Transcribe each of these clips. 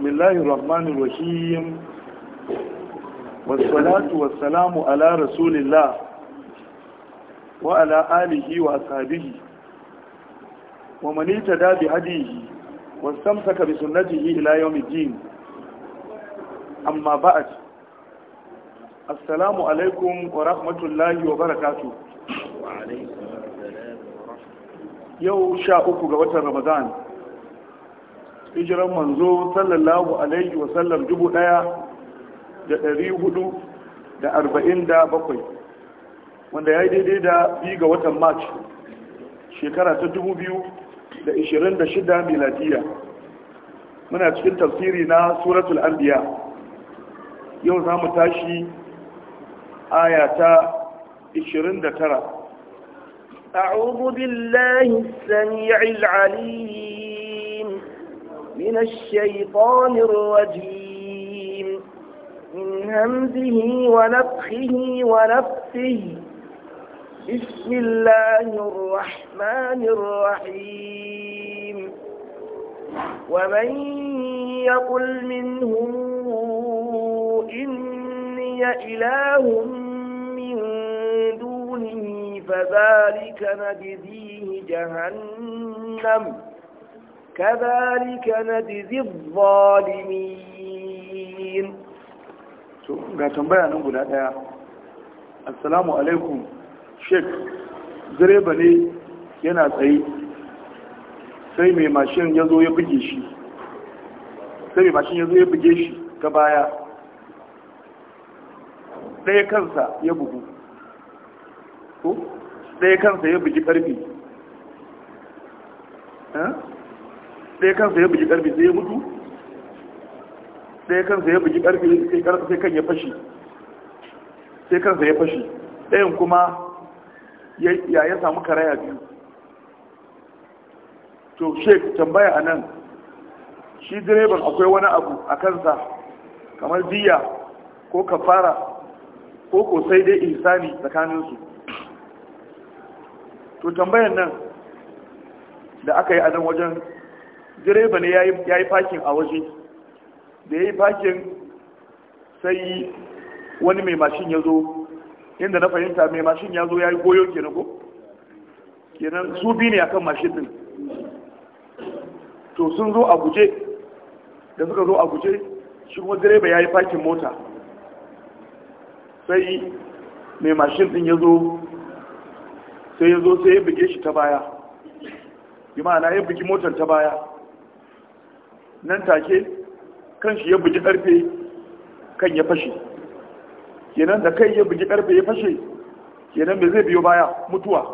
بسم الله الرحمن الرحيم والصلاة والسلام على رسول الله وعلى آله وأصحابه ومن اهتدى بهديه واستمسك بسنته إلى يوم الدين أما بعد السلام عليكم ورحمة الله وبركاته وعليكم السلام ورحمة الله يوم شاء أكو رمضان hijiran manzo sallallahu alaihi wasallam dubu daya da dari hudu da arba'in da bakwai wanda ya yi daidai da biyu ga watan march shekara ta dubu biyu da ishirin da shida miladiya muna cikin tafsiri na suratul anbiya yau za mu tashi aya ta ishirin da tara أعوذ بالله السميع العليم من الشيطان الرجيم من همزه ونفخه ونفسه بسم الله الرحمن الرحيم ومن يقل منهم إني إله من دونه فذلك نجزيه جهنم كذلك نجزي الظالمين to ga tambaya guda daya assalamu alaikum sheikh, direba ne yana tsaye sai mai mashin ya zo ya buge shi sai mai mashin ya zo ya buge shi ta baya ɗaya kansa ya bugu ɗaya kansa ya bugi ƙarfi ɗaya kansa ya bugi ƙarfi sai ya mutu ɗaya kansa ya bugi ƙarfi sai kan ya fashi sai kansa ya fashi ɗayan kuma ya ya samu karaya biyu to sheik tambaya anan, shi direban akwai wani abu a kansa kamar diya ko kafara ko ko sai dai insani tsakaninsu to tambayan nan da aka yi a nan wajen direba ne ya yi fakin a waje da ya yi fakin sai wani mai mashin ya zo inda na fahimta mai mashin ya zo ya yi goyo kenan ko kenan su bi ne akan mashin din to sun zo a guje da suka zo a guje shi kuma direba ya yi fakin mota sai mai mashin din ya zo sai ya zo sai ya buge shi ta baya bi ma'ana ya buge motar ta baya nan take kan shi ya buji karfe kan ya fashe kenan da kai ya buji karfe ya fashe kenan me zai biyo baya mutuwa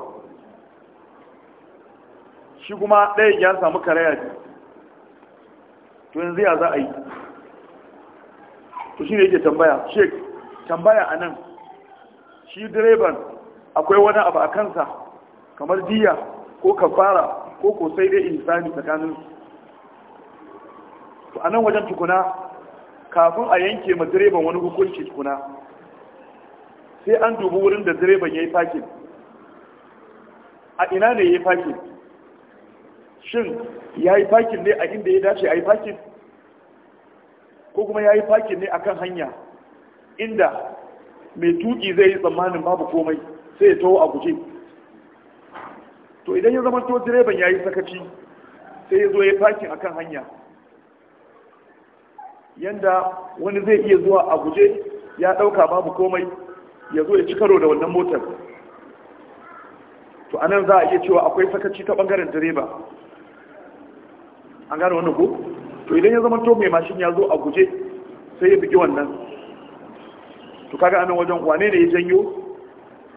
shi kuma ɗaya ya samu karaya ne to yanzu ya za a yi to shi ne yake tambaya sheik tambaya a nan shi direban akwai wani abu a kansa kamar diya ko kafara ko ko sai dai insani tsakaninsu to a nan wajen tukuna kafin a yanke ma direban wani hukunci tukuna sai an dubi wurin da direban ya yi fakin a ina ne ya yi fakin shin ya yi fakin ne a inda ya dace a yi fakin ko kuma ya yi fakin ne akan hanya inda mai tuki zai yi tsammanin babu komai sai ya taho a guje to idan ya zama to direban ya yi sakaci sai ya zo ya yi fakin akan hanya yanda wani zai iya zuwa a guje ya ɗauka babu komai ya zo ya ci karo da wannan motar to anan za a iya cewa akwai sakaci ta ɓangaren direba an gane wannan ko to idan ya zama to mai mashin ya zo a guje sai ya bugi wannan to kaga anan wajen wane ne ya janyo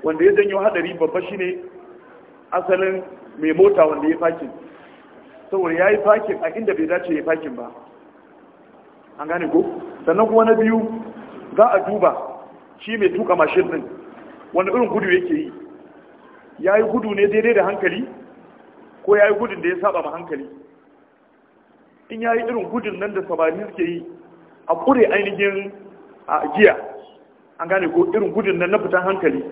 wanda ya janyo hadari babba shine asalin mai mota wanda ya fakin saboda ya yi fakin a inda bai dace ya fakin ba an gane ko sannan kuma na biyu za a duba shi mai tuka mashin din wanda irin gudu yake yi ya yi gudu ne daidai da hankali ko ya yi gudun da ya saba ma hankali in ya yi irin gudun nan da sabani suke yi a kure ainihin a giya an gane ko irin gudun nan na fitan hankali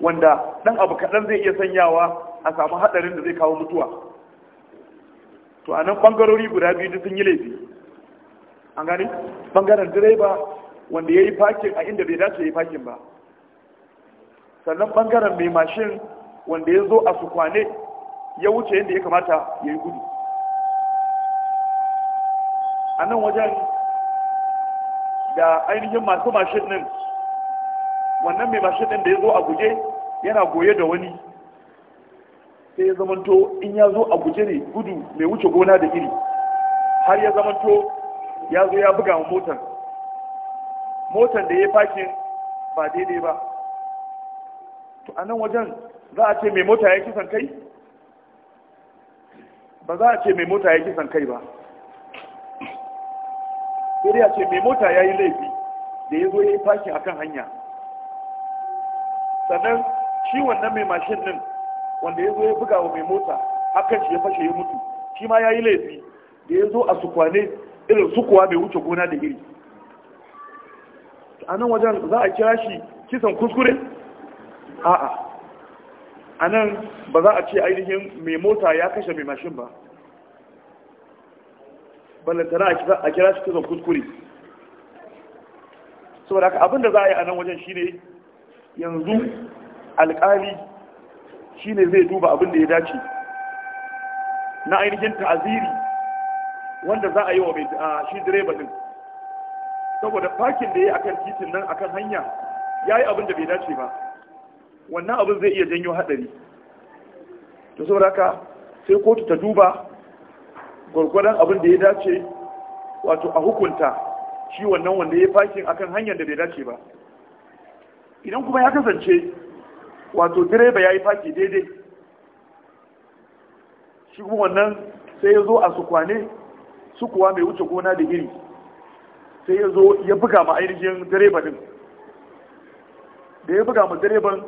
wanda ɗan abu kaɗan zai iya sanyawa a samu haɗarin da zai kawo mutuwa to a nan ɓangarori guda biyu sun yi laifi an gane bangaren direba wanda ya yi fakin a inda bai dace ya yi fakin ba sannan bangaren mai mashin wanda ya zo a su kwane ya wuce yadda ya kamata ya yi gudu a nan wajen da ainihin masu mashin din wannan mai mashin din da ya zo a guje yana goye da wani sai ya zamanto in ya zo a guje ne gudu mai wuce gona da iri har ya zamanto ya zo ya buga wa motar motar da ya fakin ba daidai ba to a nan wajen za a ce mai mota ya kisan kai ba za a ce mai mota ya kisan kai ba sai a ce mai mota ya yi laifi da ya zo ya yi fakin akan hanya sannan shi wannan mai mashin nan wanda ya zo ya buga wa mai mota hakan shi ya fashe ya mutu shi ma ya yi laifi da ya zo a sukwane irin su kuwa bai wuce gona da iri a nan wajen za a kira shi kisan kuskure a'a a nan ba za a ce ainihin mai mota ya kashe mai mashin ba ballantana a kira shi kisan kuskure saboda haka abinda za a yi a nan wajen shine yanzu alkali shine zai duba abin da ya dace na ainihin ta'aziri wanda za a yi wa mai, a shi direba din saboda fakin da ya akan titin nan akan hanya ya yi abin da bai dace ba wannan abin zai iya janyo hadari to saboda haka sai kotu ta duba gwargwadon abin da ya dace wato a hukunta shi wannan wanda ya fakin akan hanyar da bai dace ba idan kuma ya kasance wato direba ya yi faki daidai shi kuma wannan sai ya zo a su kwane su kuwa mai wuce gona da iri sai ya zo ya buga ma ainihin direba din da ya buga ma direban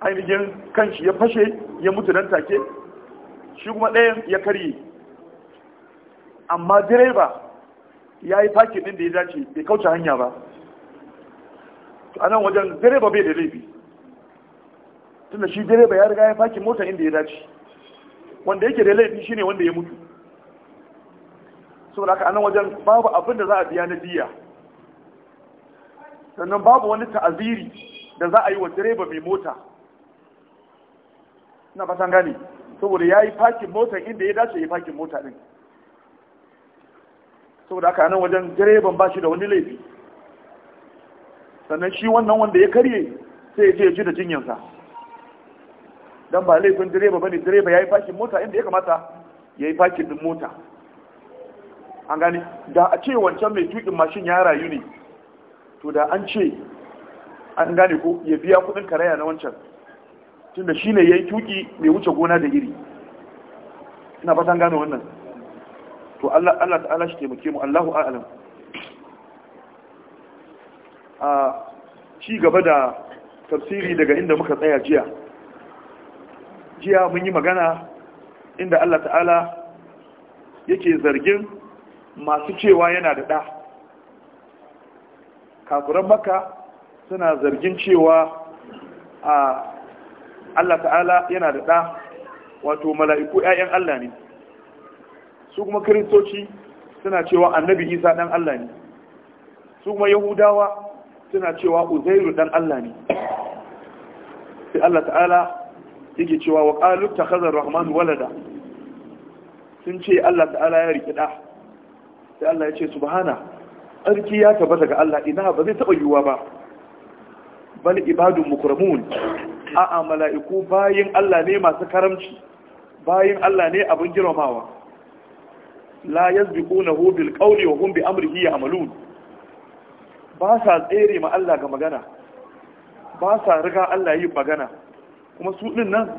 ainihin kanshi ya fashe ya mutu nan take shi kuma ɗayan ya karye amma direba ya yi fakin ɗin da ya dace bai kauce hanya ba a nan wajen direba bai da laifi tunda shi direba ya riga ya fakin mota inda ya dace wanda yake da laifi shine wanda ya mutu saboda haka anan wajen babu abin da za a biya na diya sannan babu wani ta'aziri da za a yi wa direba mai mota na fatan gane saboda ya yi fakin mota inda ya dace ya fakin mota din saboda haka anan wajen direban ba shi da wani laifi sannan shi wannan wanda ya karye sai ya je ji da jinyansa don ba laifin direba ba ne direba ya yi fakin mota inda ya kamata ya yi fakin din mota an gani da a ce wancan mai tukin mashin ya rayu ne to da an ce an gane ko ya biya kudin karaya na wancan tunda shi ne ya yi tuki mai wuce gona da iri ina san gane wannan to Allah Allah ta'ala shi taimake mu Allahu a'lam a ci gaba da tafsiri daga inda muka tsaya jiya jiya mun yi magana inda Allah ta'ala yake zargin masu cewa yana da ɗa kafuran maka suna zargin cewa a Allah ta'ala yana da ɗa wato mala'iku 'ya'yan Allah ne su kuma kiristoci suna cewa annabi isa ɗan Allah ne su kuma yahudawa suna cewa uzairu ɗan Allah ne sai Allah ta'ala yake cewa wa ƙalubta ta rahman walada sun ce Allah ta'ala ya riƙi ɗa sai Allah ya ce subhana tsarki ya tabbata daga Allah ina ba zai taba yiwuwa ba bal ibadun mukramun a'a mala'iku bayin Allah ne masu karamci Bayan Allah ne abin girmamawa la yasbiqunahu bil qawli wa hum bi amrihi ya'malun ba sa tsere ma Allah ga magana ba sa riga Allah yi magana kuma su nan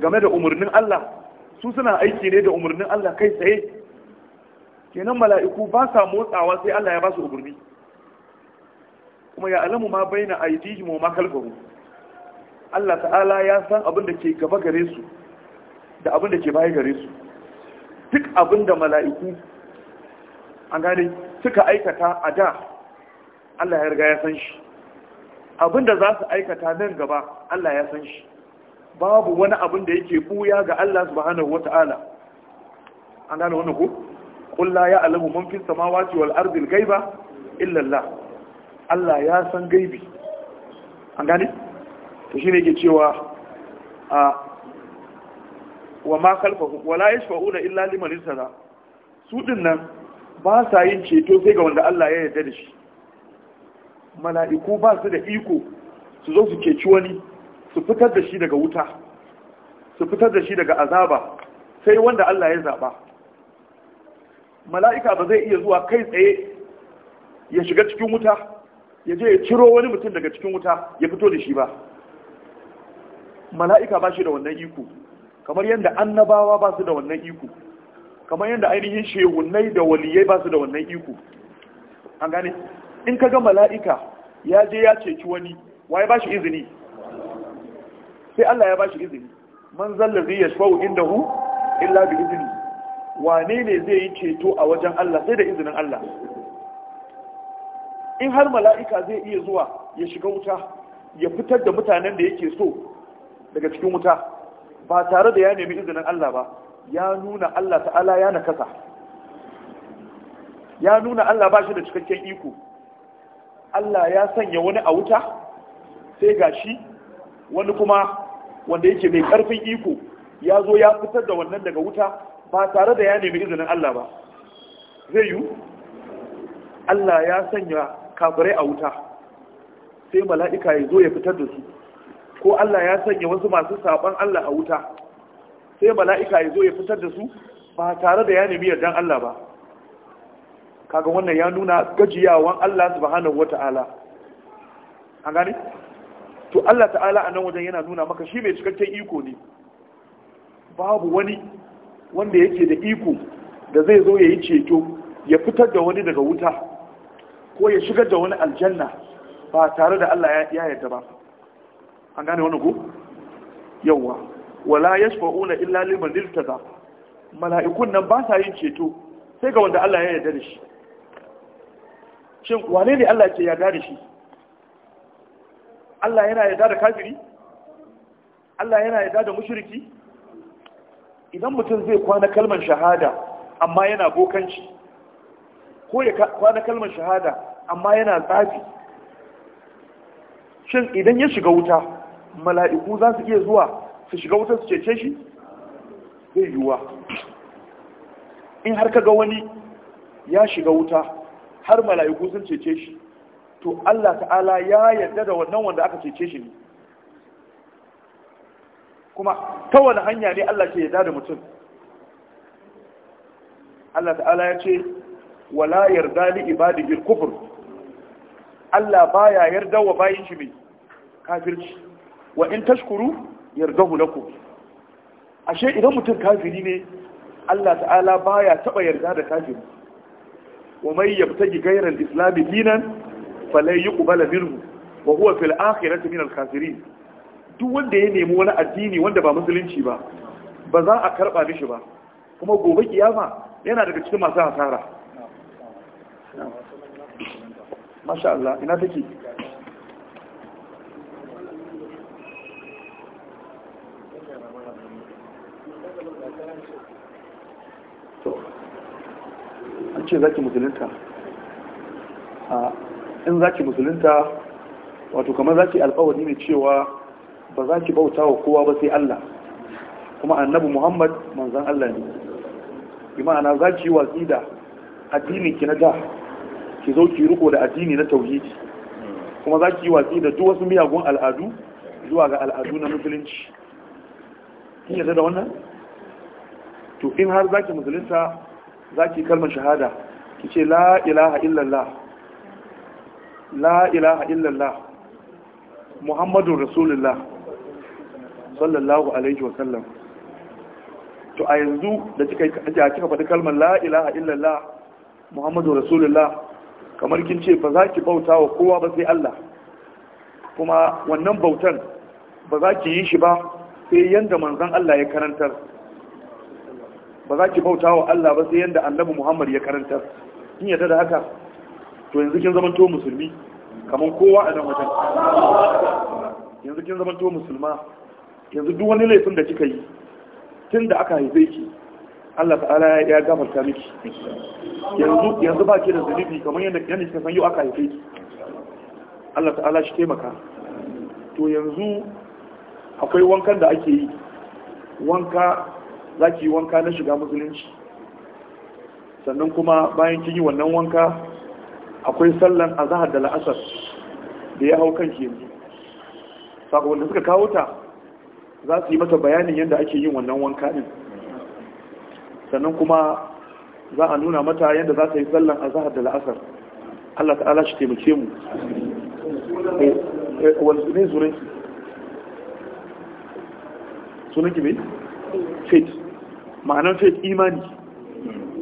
game da umarnin Allah su suna aiki ne da umarnin Allah kai tsaye kenan mala'iku ba sa motsawa sai Allah ya ba su umarni kuma ya alamu ma baina aidihim wa ma khalfahum Allah ta'ala ya san abin da ke gaba gare su da abin da ke baya gare su duk abin da mala'iku an gane suka aikata a da Allah ya riga ya san shi abin da za su aikata nan gaba Allah ya san shi babu wani abin da yake buya ga Allah subhanahu wata'ala an gane wannan ko Kulla ya alamu mun fis samawati wal ardi al ghaiba Allah ya san gaibi an gane to shine yake cewa a wa ma khalfahu wa la yashfa'una illa liman irtada su dinnan ba sa yin ceto sai ga wanda Allah ya yarda da shi mala'iku ba su da iko su zo su ceci wani su fitar da shi daga wuta su fitar da shi daga azaba sai wanda Allah ya zaba mala'ika ba zai iya zuwa kai tsaye ya shiga cikin wuta ya je ya ciro wani mutum daga cikin wuta ya fito da shi ba mala'ika ba shi da wannan iko kamar yadda annabawa ba su da wannan iko kamar yadda ainihin shehunai da waliyai ba su da wannan iko an gane in ka ga mala'ika ya je ya ceci wani waye ba shi izini sai Allah ya ba shi izini man zalla zai yashfa'u indahu illa bi izini wane ne zai yi ceto a wajen Allah sai da izinin Allah in har mala'ika zai iya zuwa ya shiga wuta ya fitar da mutanen da yake so daga cikin wuta ba tare da ya nemi izinin Allah ba ya nuna Allah ta'ala ya na nakasa ya nuna Allah ba shi da cikakken iko Allah ya sanya wani a wuta sai ga shi wani kuma wanda yake mai ƙarfin iko ya zo ya fitar da wannan daga wuta ba tare da ya nemi izinin Allah ba zai yi Allah ya sanya kafirai a wuta sai mala'ika ya zo ya fitar da su ko Allah ya sanya wasu masu sabon Allah a wuta sai mala'ika ya zo ya fitar da su ba tare da ya nemi yardan Allah ba kaga wannan ya nuna gajiyawan Allah subhanahu wata'ala an gani? to Allah ta'ala a nan wajen yana nuna maka shi mai cikakken iko ne babu wani wanda yake da iko da zai zo ya yi ceto ya fitar da wani daga wuta ko ya shigar da wani aljanna ba tare da Allah ya yarda ba an gane wani ku yawwa wala yashfa'una illa liman irtada mala'ikun nan ba sa yin ceto sai ga wanda Allah ya yarda da shi shin wane ne Allah ke yarda da shi Allah yana yarda da kafiri Allah yana yarda da mushriki idan mutum zai kwana kalmar shahada amma yana bokanci ko ya kwana kalmar shahada amma yana tsafi shin idan ya shiga wuta mala'iku za su iya zuwa su shiga wuta su cece shi zai yiwuwa in har kaga wani ya shiga wuta har mala'iku sun cece shi to Allah ta'ala ya yarda da wannan wanda aka cece shi ne kuma ta wani hanya ne Allah ke yarda da mutum Allah ta'ala ya ce wala yarda li ibadihi kufr Allah baya yarda wa bayin shi mai kafirci wa in tashkuru yardahu lakum ashe idan mutum kafiri ne Allah ta'ala baya taba yarda da kafiri wa mai yabtaji gairan al-islam dinan falay yuqbal minhu wa huwa fil akhirati duk wanda ya nemi wani addini wanda ba musulunci ba ba za a karba mishi ba kuma gobe kiyama yana daga cikin masu hasara masha Allah ina take an ce zaki musulunta in zaki musulunta wato kamar zaki alkawari ne cewa ba za ki bauta wa kowa ba sai Allah kuma annabi Muhammad manzon Allah ne bi ma'ana za ki yi watsi da addinin ki na da ki zo ki riko da addini na tauhidi kuma za ki yi watsi da duk wasu miyagun al'adu zuwa ga al'adu na musulunci kin yarda da wannan to in har za ki musulunta za ki kalmar shahada ki ce la ilaha illallah la ilaha illallah muhammadun rasulullah sallallahu alaihi wa sallam to a yanzu da kika da kika faɗi kalmar la ilaha illallah muhammadu rasulullah kamar kin ce ba za ki bauta wa kowa ba sai Allah kuma wannan bautan ba za ki yi shi ba sai yanda manzon Allah ya karantar ba za ki bauta wa Allah ba sai yanda annabi Muhammad ya karantar in yarda da haka to yanzu kin zama to musulmi kamar kowa a nan wajen yanzu kin zama to musulma yanzu duk wani laifin da kika yi tun da aka haife ki Allah ta'ala ya gafarta miki yanzu yanzu ba ki da zunubi kamar yadda yana kika san yau aka haife ki Allah ta'ala shi taimaka to yanzu akwai wankan da ake yi wanka za yi wanka na shiga musulunci sannan kuma bayan kin yi wannan wanka akwai sallan azahar da la'asar da ya hau kanki yanzu saboda suka kawo ta za su yi mata bayanin yadda ake yin wannan wanka ɗin sannan kuma za a nuna mata yadda za ta yi a zahar da la'asar Allah ta'ala shi taimake mu eh, eh, Wani zurin sunan ki mai faith ma'anar faith imani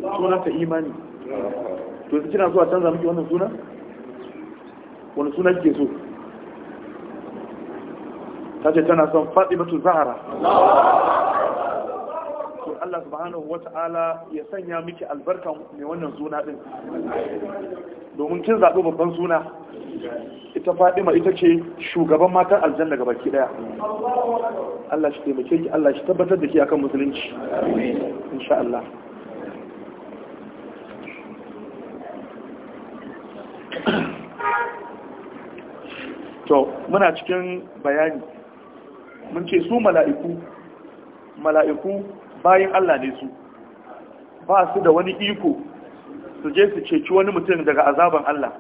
suna ta imani to yanzu kina zuwa canza miki wannan suna wani suna kike so ta tana son fatimatu zahara to Allah subhanahu wata'ala ya sanya miki albarkan mai wannan suna din domin kin zabi babban suna ita fatima ita ce shugaban matan aljanna gaba ki daya Allah shi taimake ki Allah shi tabbatar da ki akan musulunci insha Allah to muna cikin bayani mun ce su mala'iku mala'iku bayan Allah ne su ba su da wani iko su je su ceci wani mutum daga azaban Allah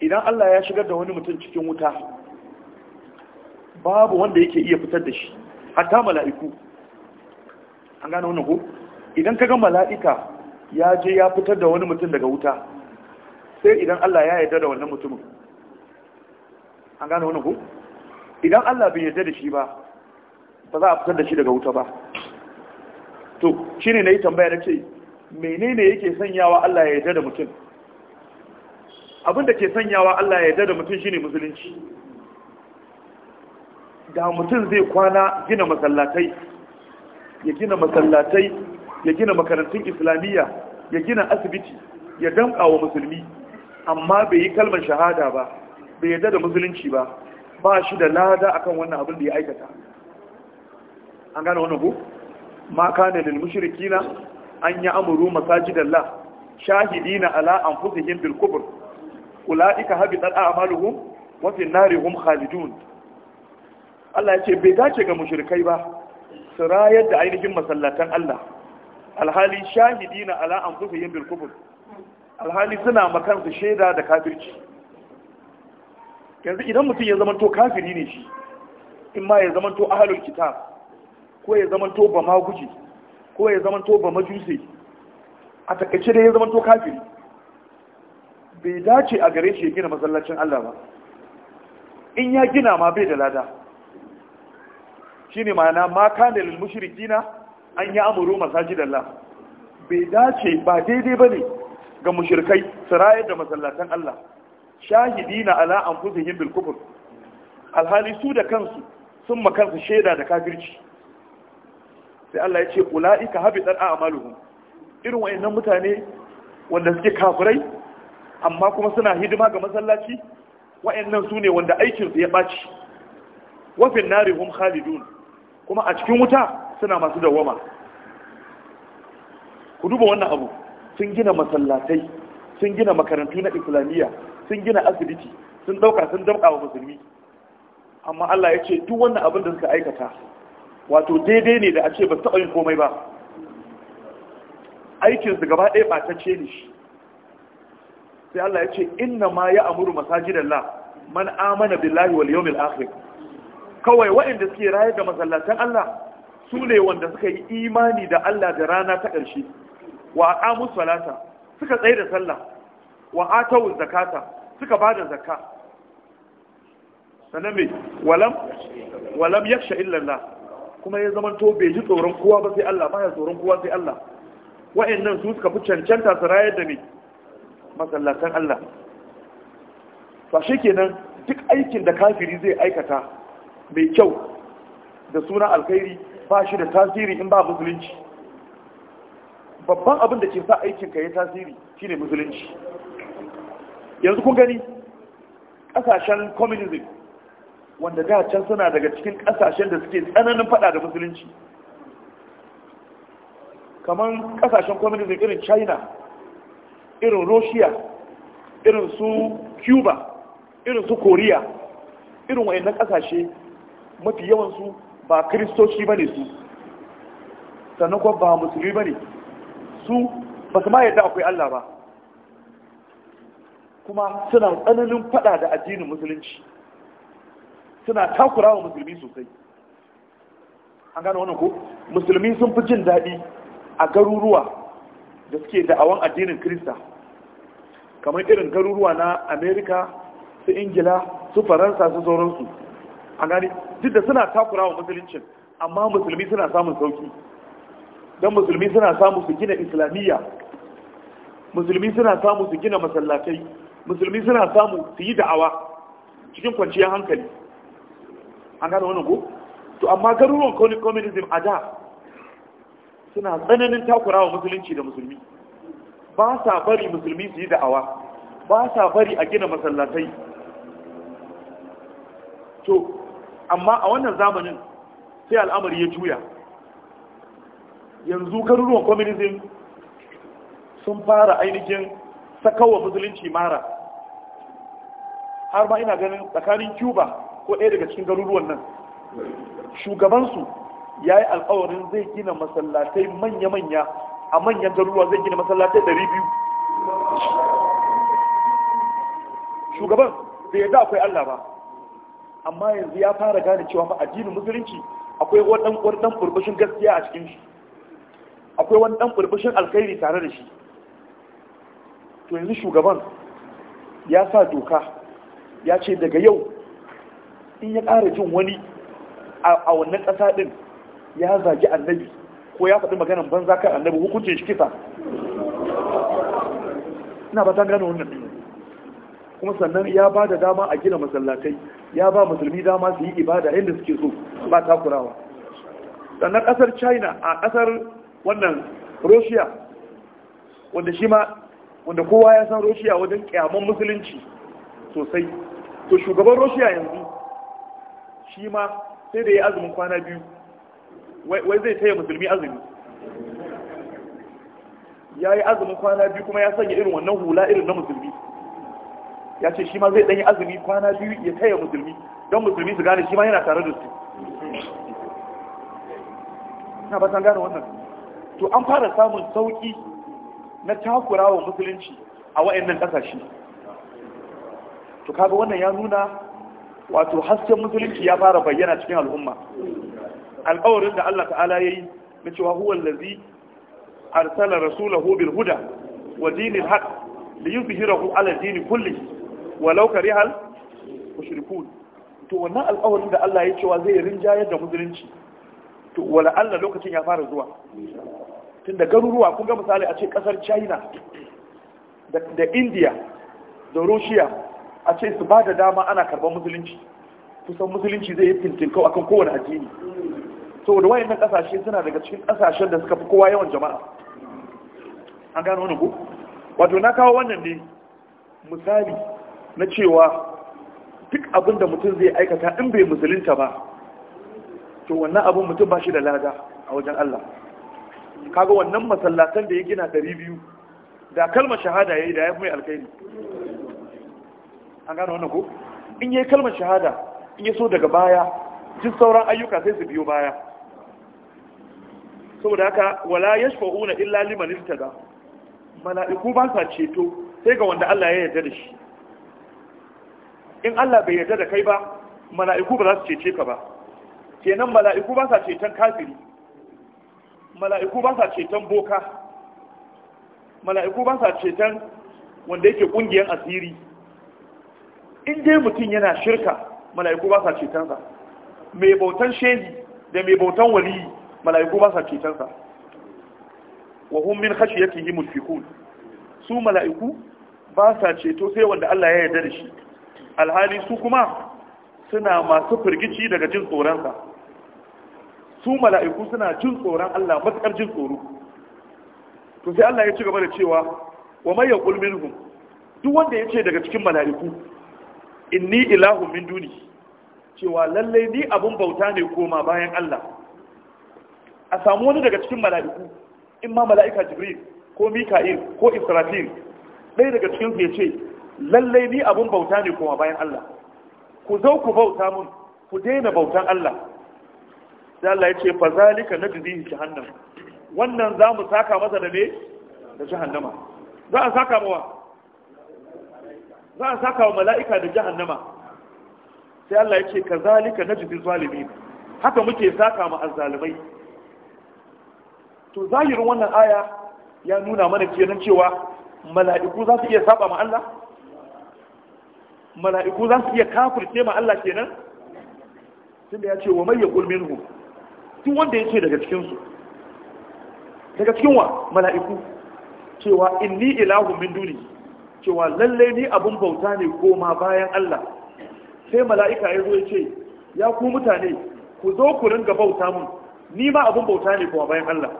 idan Allah ya shigar da wani mutum cikin wuta babu wanda yake iya fitar da shi hatta mala'iku an gane wani ko idan ka ga mala'ika ya je ya fitar da wani mutum daga wuta sai idan Allah ya yarda da wannan mutumin an gane wani ko idan Allah bai yarda da shi ba ba za a fitar da shi daga wuta ba to shine nayi tambaya nace menene yake sanyawa Allah ya yarda da mutum abin da ke sanyawa Allah ya yarda da mutum shine musulunci da mutum zai kwana gina masallatai ya gina masallatai ya gina makarantun islamiyya ya gina asibiti ya damƙa wa musulmi amma bai yi kalmar shahada ba bai yarda da musulunci ba ba shi da lada akan wannan abin da ya aikata an gane wannan ku ma kana lil mushrikina an ya amuru masajidallah shahidina ala anfusihim bil kufr ulaika habitat a'maluhum wa fi narihum khalidun Allah ya ce bai dace ga mushrikai ba su rayar da ainihin masallatan Allah alhali shahidina ala anfusihim bil kubr alhali suna su shaida da kafirci yanzu idan mutum ya zamanto kafiri ne shi in ma ya zamanto ahalul kitab ko ya zamanto ba maguji ko ya zamanto ba majuse a takaice da ya zamanto kafiri bai dace a gare shi ya gina masallacin Allah ba in ya gina ma bai da lada shine ma'ana ma kana lil mushrikina an ya amuru Allah. bai dace ba daidai bane ga mushrikai su da masallatan Allah shahidina ala anfusihim bil kufr alhali su da kansu sun ma kansu shaida da kafirci sai Allah ya ce ulaika habitat a'maluhum irin wayannan mutane wanda suke kafirai amma kuma suna hidima ga masallaci wayannan su ne wanda aikin su ya baci wa fi narihum khalidun kuma a cikin wuta suna masu dawama ku duba wannan abu sun gina masallatai sun gina makarantu na islamiyya sun gina asibiti sun dauka sun dauka wa musulmi amma Allah ya ce duk wannan abin da suka aikata wato daidai ne da a ce ba taɓa yin komai ba aikinsu gaba ɗaya ɓatacce ni shi sai Allah ya ce inna ma ya amuru masajidallah man amana billahi wal yawmil akhir kawai waɗanda suke rayar da masallatan Allah su ne wanda suka yi imani da Allah da rana ta ƙarshe wa aqamu salata suka tsaye da sallah wa atawu zakata suka bada zakka zaka. me walam walam yakhsha illa Allah kuma ya zaman to bai ji tsoron kowa ba sai Allah ba ya tsoron kowa sai Allah wa'annan su suka fi cancanta su rayar da me masallatan Allah fa kenan duk aikin da kafiri zai aikata mai kyau da suna alkhairi ba shi da tasiri in ba musulunci babban abin da ke sa aikin ka ya tasiri shine musulunci yanzu kun gani kasashen communism wanda da can suna daga cikin kasashen da suke tsananin fada da musulunci kamar kasashen communism irin china irin russia irin su cuba irin su korea irin wayannan kasashe mafi yawansu ba kristoci ba ne su sannan kuma musulmi ba ne su ba su ma yadda akwai allah ba kuma suna tsananin fada da addinin musulunci suna takura wa musulmi sosai an gane wannan ko musulmi sun fi jin daɗi a garuruwa da suke da'awan addinin kirista kamar irin garuruwa na amerika su ingila su faransa su sauransu an gane duk da suna takura wa musuluncin amma musulmi suna samun sauki don musulmi suna samu su gina islamiyya musulmi suna samu su gina masallatai musulmi suna samu su yi da'awa cikin kwanciyar hankali an gano wani to amma garuruwan communism a da suna tsananin takurawa musulunci da musulmi ba sa bari musulmi su yi da'awa ba sa bari a gina masallatai to amma a wannan zamanin sai al'amari ya juya yanzu garuruwan communism sun fara ainihin sakawa musulunci mara har ma ina ganin tsakanin cuba ko ɗaya daga cikin garuruwan nan shugabansu ya yi alkawarin zai gina masallatai manya-manya a manyan garuruwa zai gina masallatai ɗari biyu. shugaban bai yadda akwai Allah ba amma yanzu ya fara gane cewa ma addinin musulunci akwai wani ɗan burbushin gaskiya a cikin shi akwai wani ɗan burbushin alkhairi tare da shi to yanzu shugaban ya sa doka ya ce daga yau in ya ƙara jin wani a wannan ƙasa ɗin ya zagi annabi ko ya faɗi maganan banza kan annabi hukuncin shi kisa ina ba ta gano wannan kuma sannan ya ba da dama a gina masallatai ya ba musulmi dama su yi ibada yadda suke so ba takurawa sannan ƙasar china a ƙasar wannan russia wanda shi ma wanda kowa ya san russia wajen kyaman musulunci sosai to shugaban roshiya yanzu shi ma sai da ya azumin kwana biyu wai zai taya musulmi azumi ya yi azumin kwana biyu kuma ya sanya irin wannan hula irin na musulmi ya ce shi ma zai ɗanyi azumi kwana biyu ya taya musulmi don musulmi su gane shi ma yana tare da su na ba san gane wannan to an fara samun sauƙi na takurawa musulunci a wa'annan ƙasashe to kaga wannan ya nuna wato hasken musulunci ya fara bayyana cikin al'umma alƙawarin da Allah ta'ala yayi na cewa huwa allazi arsala rasulahu bil huda wa dinil haqq liyuzhirahu ala dini kulli walau karihal mushrikun to wannan alƙawarin da Allah ya cewa zai rinjayar da musulunci to wala Allah lokacin ya fara zuwa tunda garuruwa kun ga misali a ce kasar China da India da Russia a ce su ba da dama ana karɓar musulunci kusan musulunci zai yi fintinkau akan kowane addini saboda wayannan kasashe suna daga cikin kasashen da suka fi kowa yawan jama'a an gano wani ku wato na kawo wannan ne misali na cewa duk abin da mutum zai aikata in bai musulunta ba to wannan abin mutum ba shi da lada a wajen Allah kaga wannan masallatan da ya gina 200 da kalmar shahada yayi da ya fi mai alkhairi an gano wannan ko in yi kalmar shahada in yi so daga baya cin sauran ayyuka sai su biyo baya saboda haka wala ya fa'una illa liman da mala'iku ba sa ceto sai ga wanda Allah ya yarda da shi in Allah bai yarda da kai ba mala'iku ba za su cece ka ba kenan mala'iku ba sa ceton kafiri mala'iku ba sa ceton boka mala'iku ba sa ceton wanda yake ƙungiyar asiri in dai mutum yana shirka mala'iku ba sa cetonsa mai bautan shehi da mai bautan waliyi mala'iku ba sa cetonsa wa hum min khashiyatihi mushfiqun su mala'iku ba sa ceto sai wanda Allah ya yarda da shi alhali su kuma suna masu firgici daga jin tsoronsa su mala'iku suna jin tsoron Allah matsar jin tsoro to sai Allah ya ci gaba da cewa wa may yaqul duk wanda ya ce daga cikin mala'iku inni ilahu min duni cewa lallai ni abun bauta ne koma bayan Allah a samu wani daga cikin mala'iku in ma mala'ika jibril ko mika'il ko israfil ɗaya daga cikin su ya ce lallai ni abun bauta ne koma bayan Allah ku zo ku bauta mun ku daina bautan Allah sai Allah ya ce fa zalika najzihi jahannam wannan za mu saka masa da me da jahannama za a saka mawa za a saka wa mala'ika da jahannama sai Allah ya ce ka zalika na jibin zalimi haka muke saka ma azzalimai to zahirin wannan aya ya nuna mana kenan cewa mala'iku za su iya saba ma Allah mala'iku za su iya kafirce ma Allah kenan da ya ce wa maye gulmin hu? tun wanda yake daga cikinsu. daga cikin wa mala'iku cewa inni ilahun min duniya cewa lallai ni abin bauta ne koma bayan Allah sai mala'ika ya zo ya ce ya ku mutane ku zo ku ringa bauta mun ni ma abin bauta ne koma bayan Allah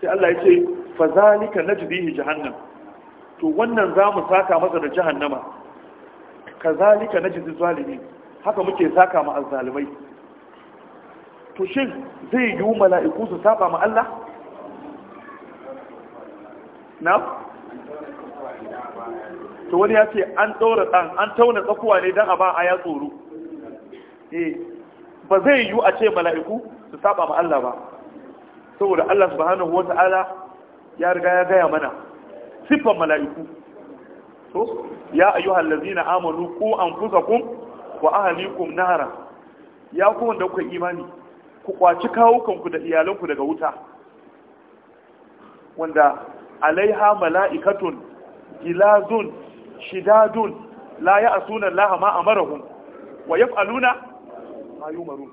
sai Allah ya ce fa zalika najbihi jahannam to wannan za mu saka masa da jahannama kazalika najzi zalimi haka muke saka ma azzalimai to shin zai yi mala'iku su saba ma Allah na'am to wani ya ce an ɗaura ɗan an tauna tsakuwa ne don a ba a ya tsoro eh, ba zai yiwu a ce mala'iku su saba ma Allah ba saboda Allah wata ala ya riga ya gaya mana siffan mala'iku to ya amalu ko an qu kun wa ahalikun nara ya ku wanda kuka imani ku kwaci kawukanku da iyalanku daga wuta wanda alaiha mala'ikatun gilazun shidadun la asuna Allah ma amarahum wa yaf'aluna ma yumarun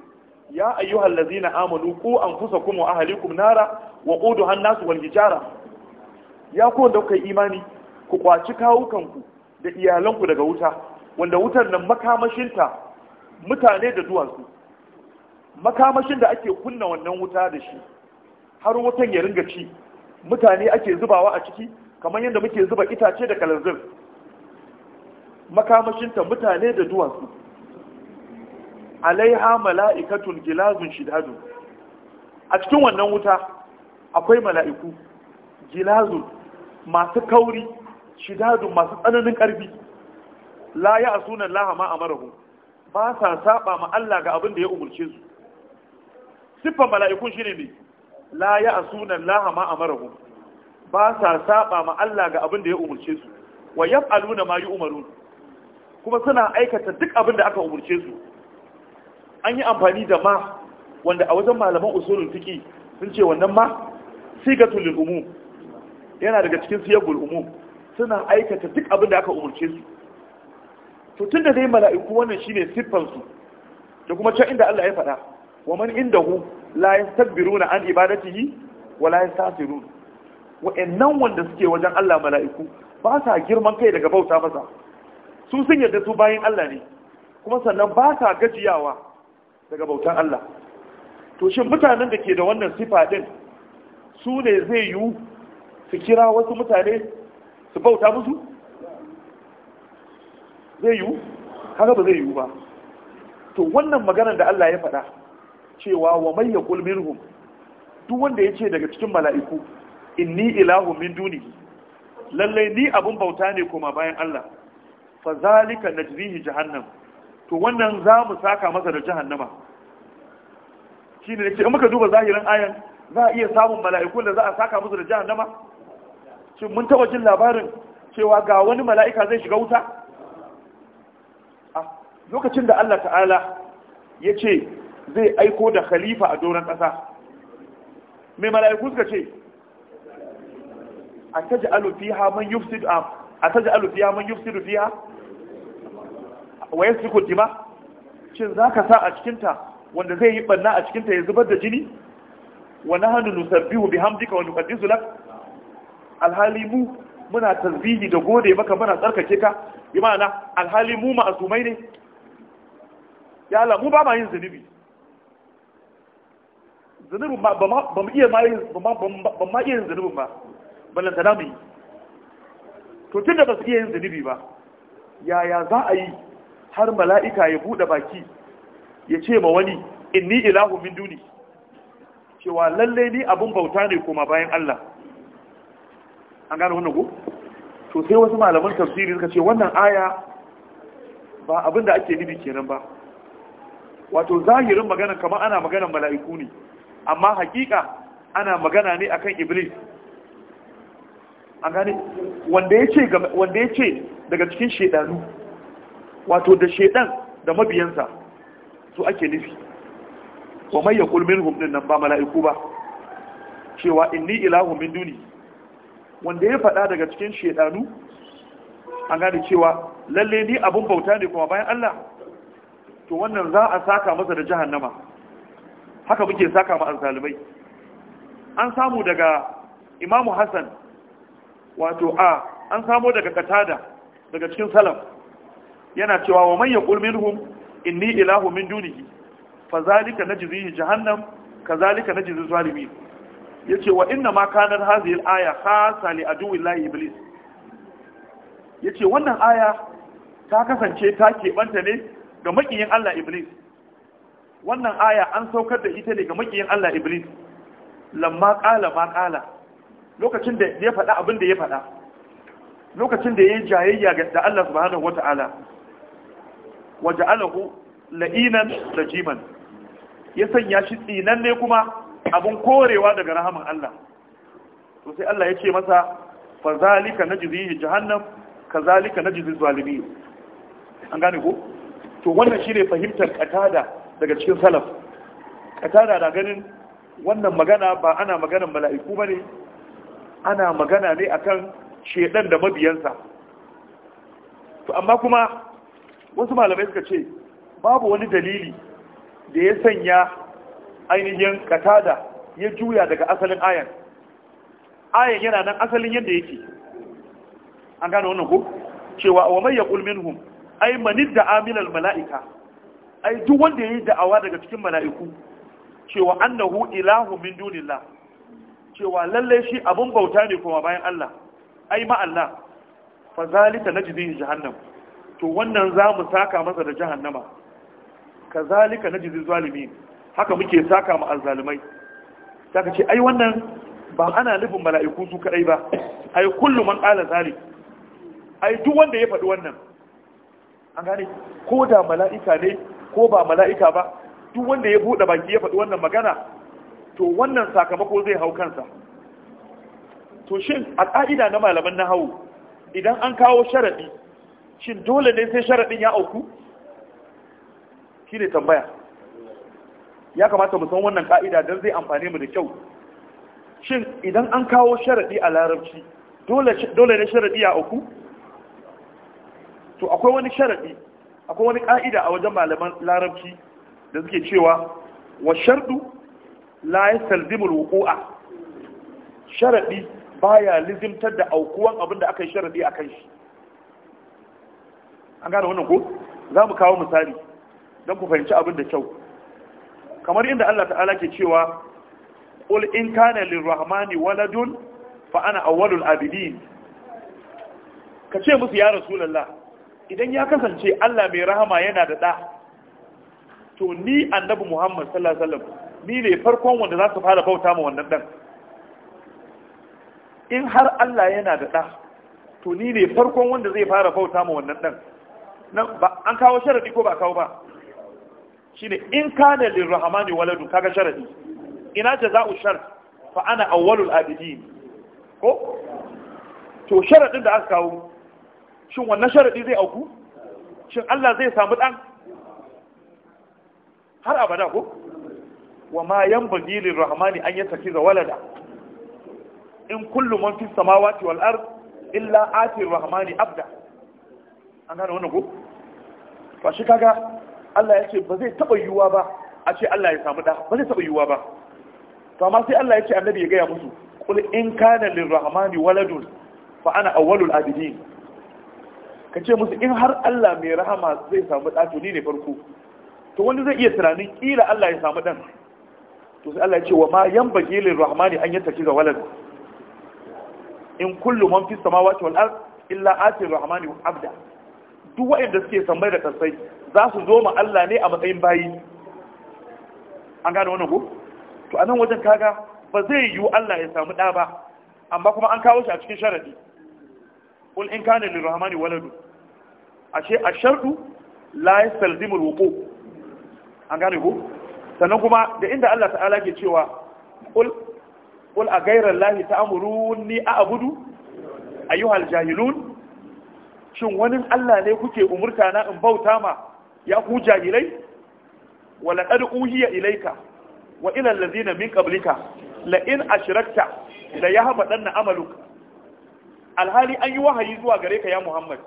ya ayyuhal ladzina amanu qu anfusakum wa ahlikum nara wa quduha an-nas wal hijara ya ku da kai imani ku kwaci kawukanku da iyalanku daga wuta wanda wutar nan makamashinta mutane da duwatsu makamashin da ake kunna wannan wuta da shi har wutan ya ringa ci mutane ake zubawa a ciki kamar yadda muke zuba itace da kalanzir makamashinta mutane da duwatsu alaiha mala'ikatun gilazun shidadu a cikin wannan wuta akwai mala'iku gilazun masu kauri shidadu masu tsananin ƙarfi la ya sunan lahama a marahu ba sa saba ma Allah ga abin da ya umarce su siffan mala'ikun shi ne la ya sunan lahama a marahu ba sa saba ma Allah ga abin da ya umurce su wa yaf'aluna ma yu'marun kuma suna aikata duk abin da aka umurce su an yi amfani da ma wanda a wajen malaman usulul fiqi sun ce wannan ma sigatul umum yana daga cikin siyagul umum suna aikata duk abin da aka umurce su to tunda dai mala'iku wannan shine siffar su da kuma can inda Allah ya faɗa wa man indahu la yastakbiruna an ibadatihi wa la yastasirun wa'annan wanda suke wajen Allah mala'iku ba sa girman kai daga bauta masa su sun yarda su bayan Allah ne kuma sannan ba sa gajiyawa daga bautan Allah to shin mutanen da ke da wannan sifa din su ne zai yiwu su kira wasu mutane su bauta musu zai yiwu haka ba zai yiwu ba to wannan maganar da Allah ya faɗa cewa wa may yaqul minhum duk wanda ce daga cikin mala'iku inni ilahu min dunihi lallai ni abun bauta ne kuma bayan Allah fa zalika najrihi jahannam to wannan za mu saka masa da jahannama shi ne in muka duba zahirin ayan za a iya samun mala'ikun da za a saka musu da jahannama shin mun taba jin labarin cewa ga wani mala'ika zai shiga wuta ah, lokacin da Allah ta'ala ya ce zai aiko da khalifa a doron ƙasa mai mala'iku suka ce a taji alufiha man yufsidu a taji alufiha man yufsidu fiha wa yasfiku dima shin zaka sa a cikinta wanda zai yi banna a cikinta ya zubar da jini Wani wa nahnu nusabbihu hamdika wani nuqaddisu lak alhali mu muna tasbihi da gode maka muna tsarkake ka bi ma'ana alhali mu ma'asumai ne ya Allah mu ba ma yin zunubi zunubin ba ba ma iya ma yin ba ma iya yin zunubin ba ballanta da mu to tun da ba su yin zunubi ba yaya za a yi har mala'ika ya buɗe baki ya ce ma wani inni ilahu min duni cewa lalle ni abin bauta ne kuma bayan Allah an gane wannan ko to sai wasu malaman tafsiri suka ce wannan aya ba abin da ake nufi kenan ba wato zahirin magana kamar ana maganar mala'iku ne amma hakika ana magana ne akan iblis a gane wanda ya ce daga cikin shedanu wato da shedan da mabiyansa su ake nufi wa mai kulmin hukunin nan ba mala'iku ba cewa inni ilahu min duni wanda ya faɗa daga cikin shedanu an gane cewa lalle ni abun bauta ne kuma bayan Allah to wannan za a saka masa da jahannama haka muke saka ma alzalimai an samu daga imamu hassan wato a an samo daga katada daga cikin salaf yana cewa wa man yaqul minhum inni ilahu min dunihi zalika najzihi jahannam kazalika najzi zalimin yace wa inna ma kanat hadhihi al-aya khassa li aduwillahi iblis yace wannan aya ta kasance ta keɓanta ne ga makiyin Allah iblis wannan aya an saukar da ita ne ga makiyin Allah iblis lamma qala ma qala lokacin da ya faɗa abin da ya faɗa lokacin da ya yi jayayya ga Allah subhanahu wata'ala waje alahu la'inan da jiman ya sanya shi tsinan ne kuma abin korewa daga rahaman Allah to sai Allah ya ce masa fa zalika ka jahannam kazalika najzi zalimin an gane ko to wannan shine fahimtar katada daga cikin salaf katada da ganin wannan magana ba ana maganar mala'iku bane ana magana ne akan shedan da mabiyansa to amma kuma wasu malamai suka ce babu wani dalili da ya sanya ainihin katada ya juya daga asalin ayan ayan yana nan asalin yadda yake an gane wannan ku cewa wa mai yaqul minhum ay man da da mala'ika ai duk wanda ya yi da'awa daga cikin mala'iku cewa annahu ilahu min dunillah cewa lalle shi abun bauta ne kuma bayan Allah ai ma Allah fa zalika najzihi jahannam to wannan za mu saka masa da jahannama kazalika najzi zalimin haka muke saka mu azzalimai saka ce ai wannan ba ana nufin mala'iku su kadai ba ai kullu man qala zalik ai duk wanda ya faɗi wannan an gane ko da mala'ika ne ko ba mala'ika ba duk wanda ya bude baki ya faɗi wannan magana to wannan sakamako zai hau kansa to shin a ƙa'ida na malaman na hau idan an kawo sharaɗi shin dole ne sai sharaɗin ya auku shi ne tambaya ya kamata mu san wannan ƙa'ida don zai amfane mu da kyau shin idan an kawo sharaɗi a larabci dole ne sharaɗi ya auku to akwai wani sharaɗi akwai wani ƙa'ida a wajen malaman larabci da suke cewa wa shardu la salzimul wuku'a sharadi baya lizimtar da aukuwan abin da aka yi sharadi kan shi an gane wannan ko za mu kawo misali don ku fahimci abin da kyau kamar inda Allah ta'ala ke cewa qul in kana lirrahmani waladun fa ana awwalul abidin ka ce musu ya rasulullah idan ya kasance Allah mai rahama yana da da to ni annabi Muhammad sallallahu alaihi wasallam ni ne farkon wanda za su fara bauta ma wannan ɗan in har Allah yana da ɗa to ni ne farkon wanda zai fara bauta ma wannan ɗan an kawo sharadi ko ba kawo ba shi ne in kana lirrahmani waladu kaga sharadi ina za'u shar fa ana awwalul abidin ko to sharadin da aka kawo shin wannan sharadi zai auku shin Allah zai samu dan har abada ko wa ma yanbaghi lirrahmani an yattakiza walada in kullum man fis samawati wal ard illa ati rahmani abda an gane wannan ko to shi kaga Allah ya ce ba zai taba yiwuwa ba a ce Allah ya samu da ba zai taba yiwuwa ba to amma sai Allah ya ce annabi ya gaya musu qul in kana lirrahmani waladun fa ana awwalul abidin ka ce musu in har Allah mai rahama zai samu da to ni ne farko to wani zai iya tunanin kila Allah ya samu dan to sai Allah ya ce wa ma yanbaghi lir rahmani an yattaki ga walad in kullu man fi samawati wal ard illa ati rahmani abda duk waɗanda suke sammai da tsai za su zo ma Allah ne a matsayin bayi an gane wannan ko to anan wajen kaga ba zai yiwu Allah ya samu ɗa ba amma kuma an kawo shi a cikin sharadi kul in kana lil rahmani waladu ashe ashardu la yastalzimu al wuqu an gane ko sannan kuma da inda Allah ta'ala ke cewa qul a ta ni a a'budu yi haljahilun, shin wani Allah ne kuke umurta na in bauta ma ya ku jahilai wala qad uhiya ilayka wa ila allazina min qablika la in ashrakta ɗan na Amaluk. alhali an yi wahayi zuwa gare ka ya Muhammad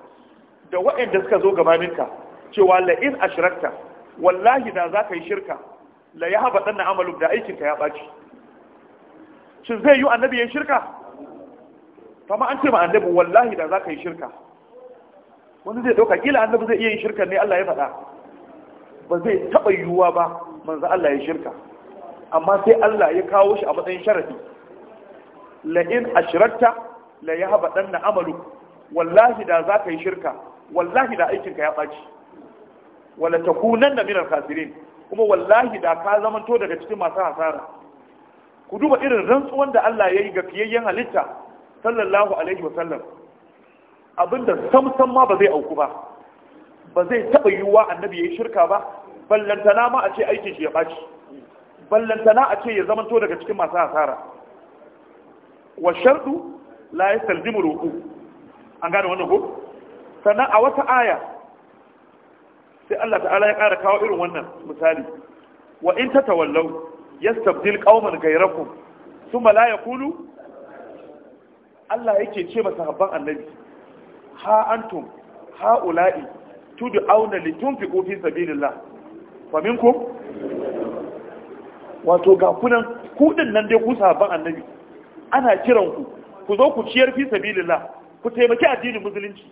da waɗanda suka zo gabaninka cewa la in wallahi da za ka yi shirka la ya haɓa ɗan amalum da aikinka ya ɓaci shin zai yi annabi ya shirka kama an ce ma annabi wallahi da za ka yi shirka wani zai ɗauka ƙila annabi zai iya yin shirka ne Allah ya faɗa ba zai taɓa yiwuwa ba manzo Allah ya shirka amma sai Allah ya kawo shi a matsayin sharafi. La'in in ashrakta la yahba danna amalu wallahi da za ka yi shirka wallahi da aikinka ya ɓaci wala takunanna na al-khasirin kuma wallahi da ka zamanto daga cikin masu hasara ku duba irin rantsuwan da Allah ya yi ga fiyayyen halitta sallallahu alaihi wa sallam abinda samsam ma ba zai auku ba ba zai taba yiwuwa annabi ya yi shirka ba ballantana ma a ce aikin shi ya baci ballantana a ce ya zamanto daga cikin masu hasara wa shardu la yastalzimu ruku an gane wannan ko sannan a wata aya sai Allah ta'ala ya ƙara kawo irin wannan misali wa in ta tawallau yastabdil qauman ghayrakum thumma la yaqulu Allah yake ce masa habban annabi ha antum ha Ula'i, haula'i tud'auna litunfiqu fi sabilillah fa minkum wato ga kunan kudin nan dai ku sahabban annabi ana kiran ku ku zo ku ciyar fi sabilillah ku taimaki addinin musulunci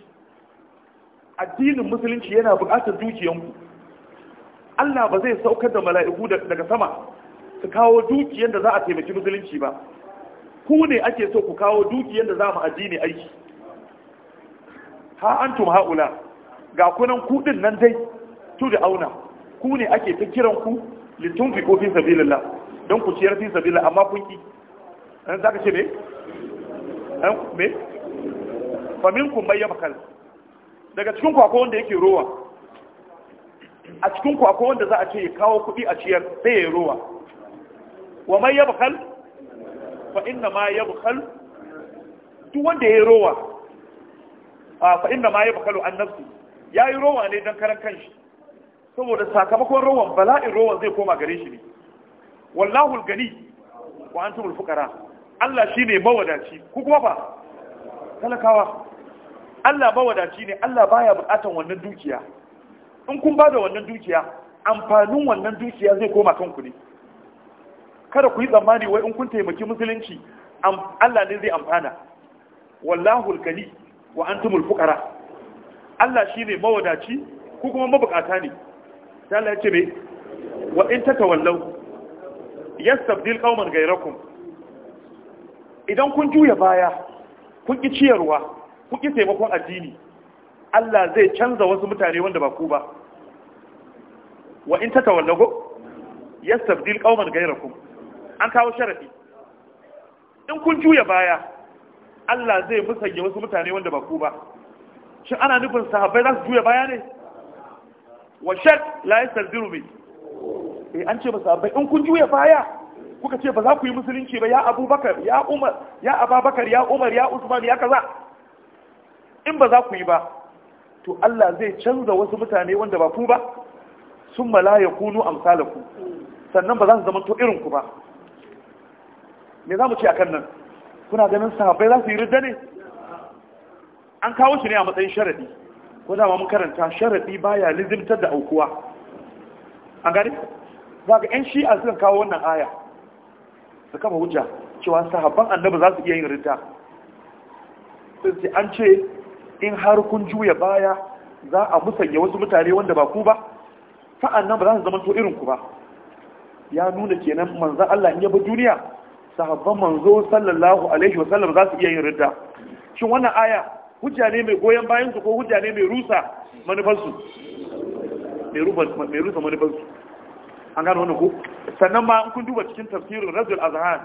addinin musulunci yana buƙatar dukiyanku Allah ba zai saukar da mala'iku daga sama su kawo dukiyan da za a taimaki musulunci ba ku ne ake so ku kawo dukiyan da za mu addini aiki ha antum haula ga kunan kudin nan dai tu da auna ku ne ake ta kiran ku litun fi kofin sabilillah don ku ciyar fi sabilillah amma kun ki an zaka ce me an me kun bayyama kal daga cikin kwakwa wanda yake rowa a cikin kwakwa wanda za a ce ya kawo kudi a ciyar sai ya yi rowa wa mai ya bukhal fa inna ma ya bukhal duk wanda ya yi rowa fa inna ma ya bukalu an nafsi ya yi rowa ne don karan kanshi saboda sakamakon rowan bala'in rowan zai koma gare shi ne wallahu gani wa antumul fuqara Allah shine mawadaci ku kuma ba talakawa Allah ba wadaci ne Allah baya bukatan wannan dukiya in kun ba da wannan dukiya amfanin wannan dukiya zai koma kanku ne kada ku yi tsammani wai in kun taimaki musulunci Allah ne zai amfana wallahu alkali wa antumul fuqara Allah shine mawadaci ku kuma mabukata ne sai Allah ya ce me wa in tatawallaw yastabdil qauman ghayrakum idan kun juya baya kun ki ciyarwa kuki taimakon addini Allah zai canza wasu mutane wanda ba ku ba wa in ya yastabdil qauman ghayrakum an kawo sharadi in kun juya baya Allah zai musanya wasu mutane wanda ba ku ba shin ana nufin sahabbai za su juya baya ne wa shar la yastardiru bi eh an ce ba sahabbai in kun juya baya kuka ce ba za ku yi musulunci ba ya abubakar ya umar ya ababakar ya umar ya usman ya kaza in ba za ku yi ba to Allah zai canza wasu mutane wanda ba ku ba sun malaya kunu amsalaku sannan ba za su zama to irin ku ba me za mu ce kan nan kuna ganin sahabbai za su yi ridda ne an kawo shi ne a matsayin sharadi ko da mun karanta sharadi baya lizimtar da aukuwa A gani za ka yan shi'a kawo wannan aya su kama hujja cewa sahabban annabi za su iya yin ridda sai an ce in har kun juya baya za a musanya wasu mutane wanda ba ku ba sa'an nan ba za su zama to irin ku ba ya nuna kenan manzan Allah ya bi duniya sahabban manzo sallallahu alaihi wa sallam za su iya yin ridda shin wannan aya hujja ne mai goyon bayan su ko hujja ne mai rusa manufansu mai rusa manufansu an gano wani ku sannan ma in kun duba cikin tafsirin rajul Azhan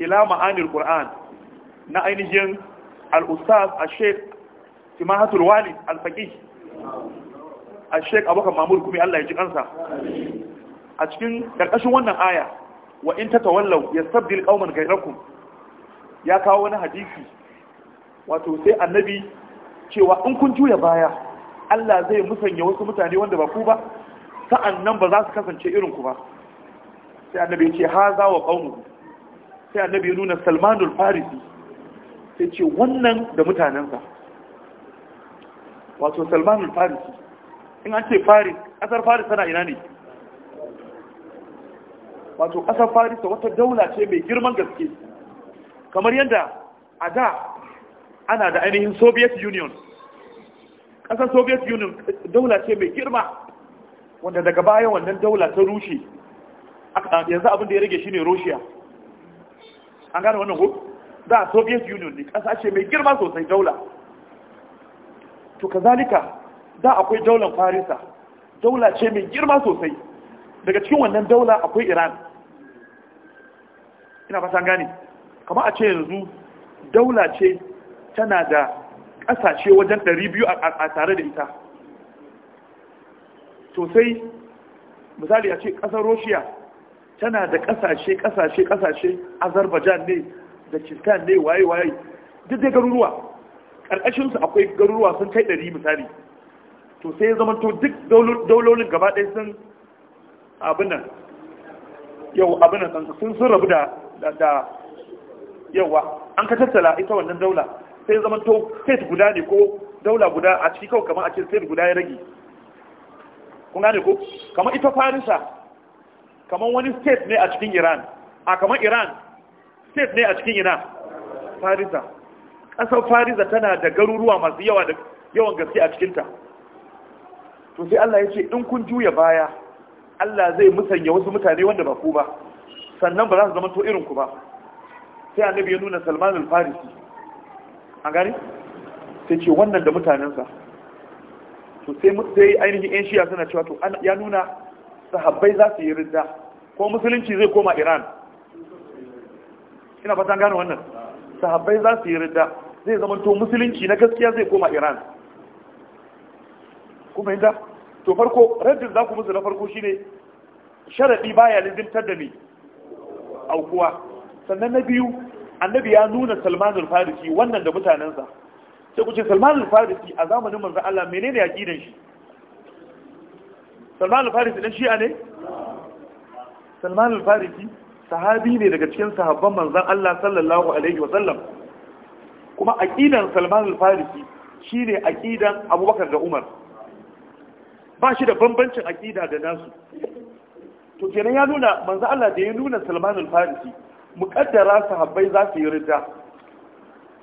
ila ma'anil Qur'an na ainihin al-ustaz al-sheikh simahatul wali alfaqih a sheik abokan mamur kuma Allah ya ji kansa a cikin karkashin wannan aya wa in sabbin yastabdil qauman ghayrakum ya kawo wani hadisi wato sai annabi cewa in kun juya baya Allah zai musanya wasu mutane wanda ba ku ba sa'annan ba za su kasance irin ku ba sai annabi ya ce haza wa qaumuhu sai annabi ya nuna Salmanul Farisi sai ce wannan da mutanensa wato salman Faris, in an ce faris ƙasar faris tana ina ne wato ƙasar faris wata daula ce mai girman gaske kamar yadda a da ana da ainihin soviet union ƙasar soviet union daula ce mai girma wanda daga baya wannan daula ta rushe yanzu abin da ya rage shine russia an gane wannan ko da soviet union ne ƙasa ce mai girma sosai daula to kazalika da akwai daular farisa daula ce mai girma sosai daga cikin wannan daula akwai iran ina fatan gane kama a ce yanzu daula ce tana da ƙasashe wajen 200 a tare da ita Sosai, misali a ce ƙasar russia tana da ƙasashe ƙasashe ƙasashe azerbaijan ne da kirkan ne waye-waye duk dai garuruwa karkashin su akwai garuruwa sun kai ɗari misali to sai zama to duk daulolin gaba ɗaya sun abin nan yau abin nan sun sun rabu da da yawa an ka tattala ita wannan daula sai zama to state guda ne ko daula guda a ciki kawai kamar a cikin state guda ya rage kun gane ko kamar ita farisa kamar wani state ne a cikin iran a kamar iran state ne a cikin ina farisa ƙasar fariza tana da garuruwa masu yawa da yawan gaske a cikinta to sai Allah ya ce in kun juya baya Allah zai musanya wasu mutane wanda ba ku ba sannan ba za su zama to irin ku ba sai annabi ya nuna Salman al-Farisi an gani sai ce wannan da mutanensa to sai sai ainihin yan shiya suna cewa to ya nuna sahabbai za su yi ridda ko musulunci zai koma Iran ina fatan gane wannan sahabbai za su yi ridda zai zama to musulunci na gaskiya zai koma iran kuma inda to farko raddin za ku musu na farko shine sharaɗi baya lizimtar da ni aukuwa sannan na biyu annabi ya nuna salmanul farisi wannan da mutanensa sai ku ce salmanul farisi a zamanin manzan Allah menene ya kidan shi salmanul farisi dan shi'a ne salmanul farisi sahabi ne daga cikin sahabban manzan Allah sallallahu alaihi wa sallam kuma aqidan Salman al-Farisi shine aqidan Abubakar da Umar ba shi da bambancin aqida da nasu to kenan ya nuna manzo Allah da ya nuna Salman al-Farisi muqaddara sahabbai za su yi rida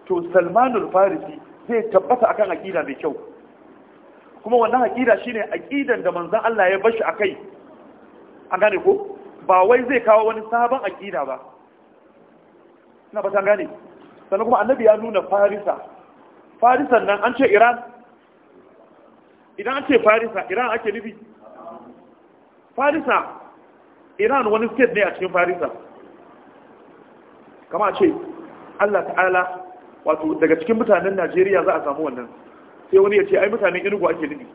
to Salman al-Farisi zai tabbata akan aqida mai kyau kuma wannan aqida shine aqidan da manzo Allah ya bashi akai an gane ko ba wai zai kawo wani sabon aqida ba na ba san gane sannan kuma annabi ya nuna farisa farisan nan an ce iran idan an ce farisa iran ake nufi farisa iran wani state ne a cikin farisa kama ce allah ta'ala wato daga cikin mutanen najeriya za a samu wannan sai wani ya ce ai mutanen inugu ake nufi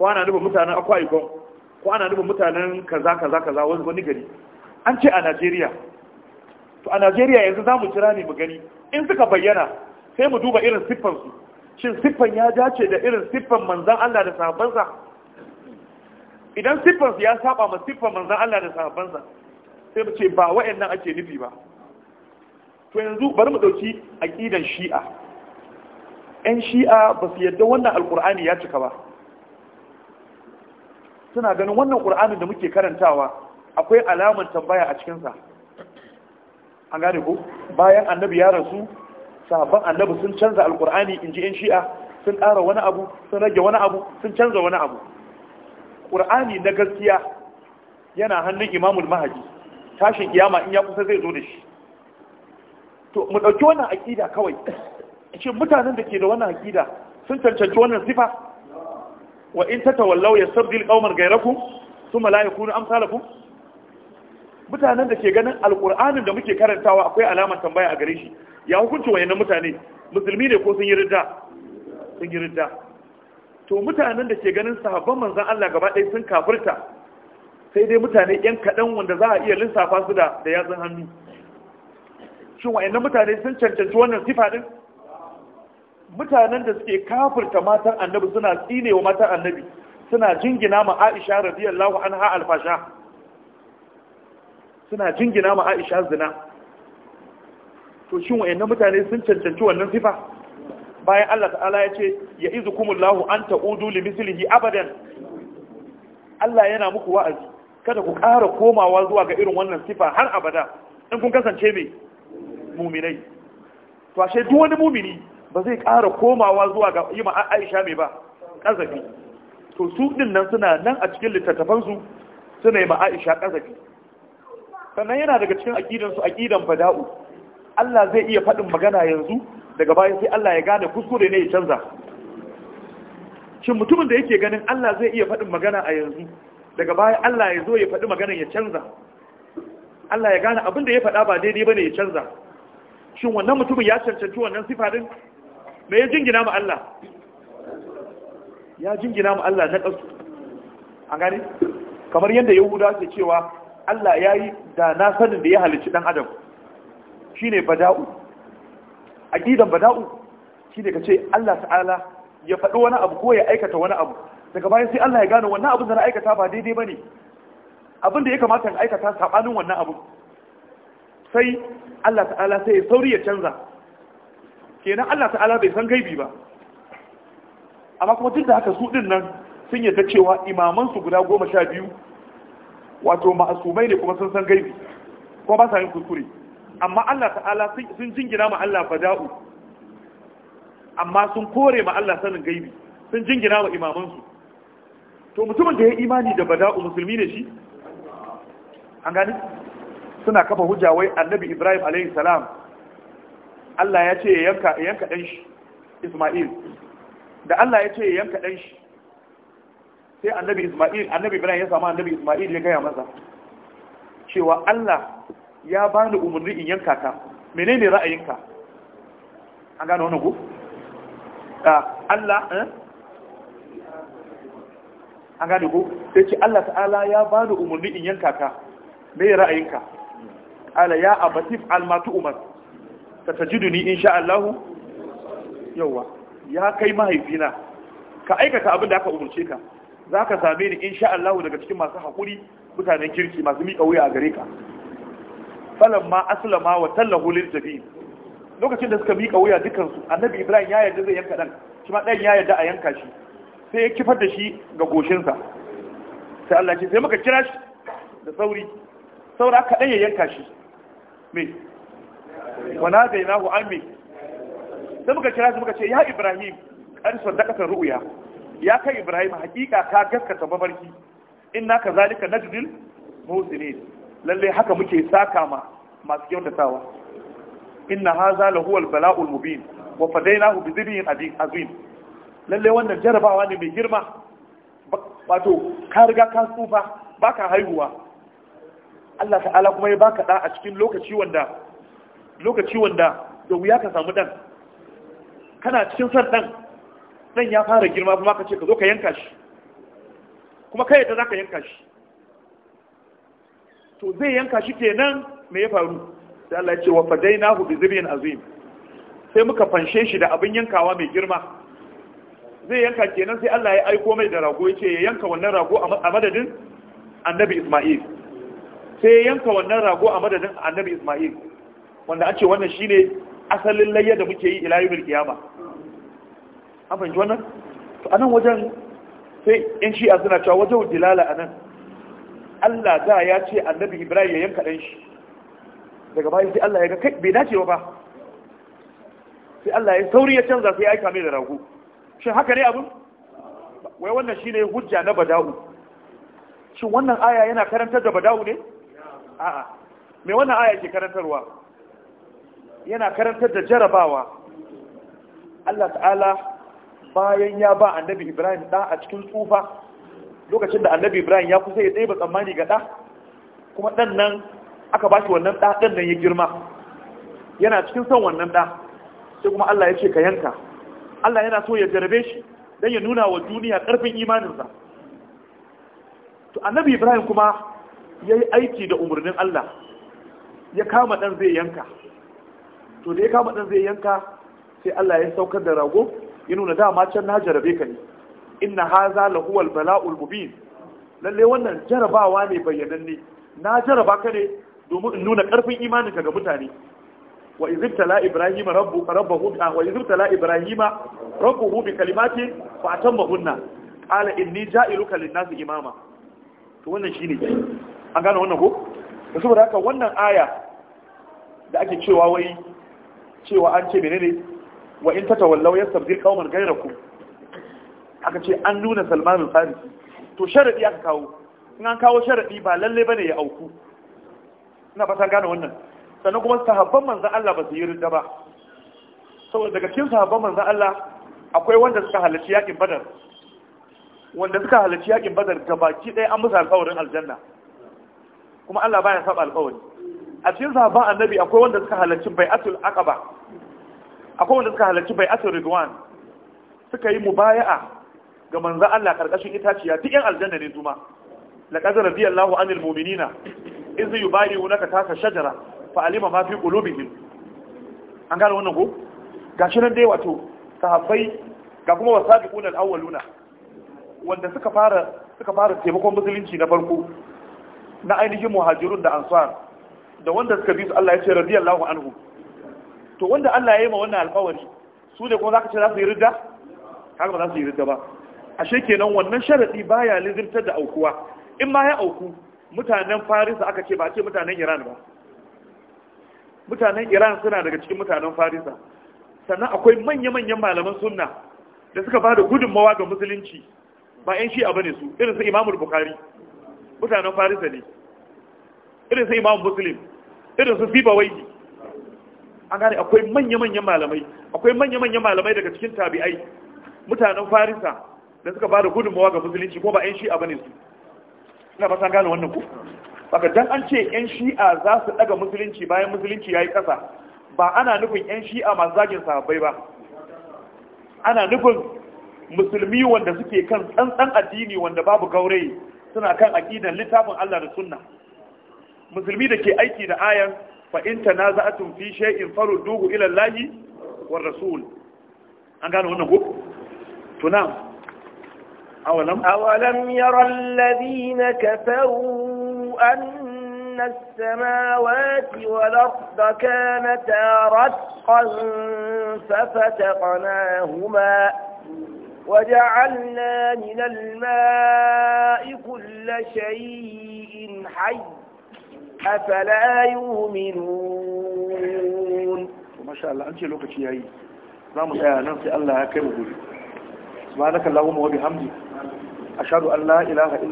ko ana nufin mutanen akwai ikon ko ana nufin mutanen kaza kaza kaza wani gari an ce a najeriya to a najeriya yanzu za mu jira ne mu gani in suka bayyana sai mu duba irin siffansu shin siffan ya dace da irin siffan manzan allah da sahabbansa idan siffansu ya saba ma siffan manzan allah da sahabbansa sai mu ce ba wa'annan ake nufi ba to yanzu bari mu ɗauki aƙidan shi'a 'yan shi'a ba su yadda wannan alƙur'ani ya cika ba suna ganin wannan ƙur'anin da muke karantawa akwai alamar tambaya a cikinsa an gane ko bayan annabi ya rasu sahabban annabi sun canza alkur'ani in ji yan shi'a sun ƙara wani abu sun rage wani abu sun canza wani abu ƙur'ani na gaskiya yana hannun imamul mahaji tashin kiyama in ya kusa zai zo da shi to mu ɗauki wannan aƙida kawai ce mutanen da ke da wannan aƙida sun cancanci wannan sifa wa in ta tatawallaw yastabdil qauman ghayrakum gairaku la yakunu amsalakun mutanen da ke ganin alkur'anin da muke karantawa akwai alamar tambaya a gare shi ya hukunci wayannan mutane musulmi ne ko sun yi ridda sun yi ridda to mutanen da ke ganin sahabban manzon Allah gaba ɗaya sun kafirta sai dai mutane yan kaɗan wanda za a iya lissafa su da da yatsun hannu shin wayannan mutane sun cancanci wannan sifa din mutanen da suke kafirta matan annabi suna tsinewa matan annabi suna jingina ma Aisha radiyallahu anha alfasha suna jingina ma aisha zina to shin wayannan mutane sun cancanci wannan sifa bayan Allah ta'ala ya ce ya izukumullahu an ta'udu li mislihi abadan Allah yana muku wa'azi kada ku ƙara komawa zuwa ga irin wannan sifa har abada in kun kasance mai muminai to ashe duk wani mumini ba zai ƙara komawa zuwa ga yi Aisha mai ba ƙazafi to su nan suna nan a cikin littattafansu suna yi Aisha ƙazafi sannan yana daga cikin aƙidansu, aƙidan bada'u Allah zai iya faɗin magana yanzu daga baya sai Allah ya gane kuskure ne ya canza shin mutumin da yake ganin Allah zai iya faɗin magana a yanzu daga baya Allah ya zo ya faɗi magana ya canza Allah ya gane abin da ya faɗa ba daidai bane ya canza shin wannan mutumin ya cancanci wannan sifa me ya jingina ma Allah ya jingina ma Allah na kasu an gane kamar yadda Yahuda ke cewa Allah ya yi da na sanin da ya halicci ɗan adam shi ne bada'u aƙidan bada'u shi ne ka ce Allah ta'ala ya faɗi wani abu ko ya aikata wani abu daga bayan sai Allah ya gano wannan abin da na aikata ba daidai ba ne abin da ya kamata in aikata saɓanin wannan abu sai Allah ta'ala sai ya sauri ya canza kenan Allah ta'ala bai san gaibi ba amma kuma duk da haka su ɗin nan sun yadda cewa imamansu guda goma sha biyu wato ma'asumai ne kuma sun san gaibi kuma ba sa yin kuskure amma Allah ta'ala sun jingina ma Allah bada'u amma sun kore ma Allah sanin gaibi sun jingina ma imamansu to mutumin da ya imani da bada'u musulmi ne shi an gani suna kafa hujja wai annabi Ibrahim alayhi salam Allah ya ce ya yanka yanka dan shi Isma'il da Allah ya ce ya yanka dan shi sai annabi Ismail annabi Ibrahim ya samu annabi Ismail ya gaya masa cewa Allah ya bani umarni in yanka ka ne ra'ayinka an gane wannan ko ah, Allah eh? an gane ku? sai ce Allah ta'ala ya bani umarni in yanka ka me ra'ayinka ala ya abatif almatu umar ka in insha Allahu, yawa ya kai mahaifina ka aikata abin da aka umarce ka za ka same ni in sha'allahu daga cikin masu haƙuri mutanen kirki masu miƙa wuya a gare ka falon ma aslama wa tallahu lil lokacin da suka miƙa wuya dukan su annabi Ibrahim ya yarda zai yanka ɗan, shi ma ɗan ya yarda a yanka shi sai ya kifar da shi ga goshinsa sai Allah ce sai muka kira shi da sauri saura ka ɗan ya yanka shi me wa nadainahu ammi sai muka kira shi muka ce ya Ibrahim kan sadaka ru'ya ya kai ibrahim hakika ka gaskata mafarki inna zalika najdil ne. lalle haka muke saka ma masu kyautatawa inna haza lahu al mubin wa fadainahu bi dhibin azim lalle wannan jarabawa ne mai girma wato ka riga ka tsufa baka haihuwa Allah ta'ala kuma ya baka da a cikin lokaci wanda lokaci wanda da wuya ka samu dan kana cikin san dan dan ya fara girma kuma ka ce ka zo ka yanka shi kuma kai da zaka yanka shi to zai yanka shi kenan me ya faru sai Allah ya ce wa fadainahu bi zibin azim sai muka fanshe shi da abin yankawa mai girma zai yanka kenan sai Allah ya aiko mai da rago ya ce ya yanka wannan rago a madadin annabi Ismail sai ya yanka wannan rago a madadin annabi Ismail wanda a ce wannan shine asalin layya da muke yi ila yawmil an fahimci wannan to anan wajen sai yan shi'a suna cewa wajen dilala anan Allah da ya ce annabi Ibrahim ya yanka ɗan shi daga bayan sai Allah ya ga kai bai dace ba sai Allah ya sauri ya canza sai ya aika mai da rago shin haka ne abun wai wannan shine hujja na bada'u shin wannan aya yana karantar da bada'u ne a'a me wannan aya ke karantarwa yana karantar da jarabawa Allah ta'ala bayan ya ba annabi ibrahim ɗa a cikin tsufa lokacin da annabi ibrahim ya kusa ya ba tsammani ga ɗa kuma ɗan nan aka ba shi wannan ɗa ɗan nan ya girma yana cikin son wannan ɗa sai kuma allah ya ce ka yanka allah yana so ya jarabe shi don ya nuna wa duniya ƙarfin imaninsa to annabi ibrahim kuma ya yi aiki da umarnin allah ya kama ɗan zai yanka to da ya kama ɗan zai yanka sai allah ya saukar da rago ya nuna dama can na jarabe ka ne inna haza lahuwal bala'ul mubin lalle wannan jarabawa ne bayyananne na jaraba ka ne domin in nuna karfin imaninka ga mutane wa la ibrahim rabbu rabbahu ah, wa la ibrahim rabbuhu bi kalimatin fa hunna qala inni ja'iluka lin-nasi imama to wannan shine an gane wannan ko saboda haka wannan aya da ake cewa wai cewa an ce menene wa in ta tatawallaw yastabdil qauman ghayrakum aka ce an nuna Salman al-Farisi to sharadi aka kawo in an kawo sharadi ba lalle bane ya auku ina fatan gane wannan sannan kuma sahabban manzon Allah ba su yi ridda ba saboda daga cikin sahabban manzon Allah akwai wanda suka halarci yakin Badar wanda suka halarci yakin Badar baki ɗaya an musa alƙawarin aljanna kuma Allah baya saba alƙawari a cikin sahabban annabi akwai wanda suka halarci bai'atul aqaba akwai wanda suka halarci bai asir ridwan suka yi mubaya'a ga manzan Allah karkashin itaciya duk yan aljanna ne zuma laqad radiyallahu anil mu'minina iz ka taka shajara fa alima ma fi qulubihim an gane wannan ko gashi nan dai wato sahabbai ga kuma wasabiquna alawwaluna wanda suka fara suka fara taimakon musulunci na farko na ainihin muhajirun da ansar da wanda suka bi su Allah ya ce radiyallahu anhu to wanda Allah ya yi ma wannan alkawari su ne kuma za ka ce za su yi ridda haka ba za su yi ridda ba ashe kenan wannan ba ya lizirtar da aukuwa in ma ya auku mutanen farisa aka ce ba ce mutanen iran ba mutanen iran suna daga cikin mutanen farisa sannan akwai manya-manyan malaman sunna da suka ba da gudunmawa ga musulunci ba 'yan shi'a bane su irin su imamul bukari mutanen farisa ne irin su Imamul muslim irin su siba waidi an gane akwai manya-manyan malamai akwai manya-manyan malamai daga cikin tabi'ai mutanen farisa da suka ba da gudunmawa ga musulunci ko ba 'yan shi'a ba ne su ina ba san gane wannan ku baka dan an ce 'yan shi'a za su daga musulunci bayan musulunci ya yi ƙasa ba ana nufin 'yan shi'a masu zagin sahabbai ba ana nufin musulmi wanda suke kan tsantsan addini wanda babu gaurayi suna kan aƙidan littafin Allah da sunna musulmi da ke aiki da ayan فإن تنازعتم في شيء فردوه إلى الله والرسول أنقال هنا هو تنام أولم أولم يرى الذين كفروا أن السماوات والأرض كانتا رتقا ففتقناهما وجعلنا من الماء كل شيء حي afala yu'minun masha Allah yayi za mu tsaya nan ya kai mu gobe subhanaka allahumma wa bihamdi ashhadu an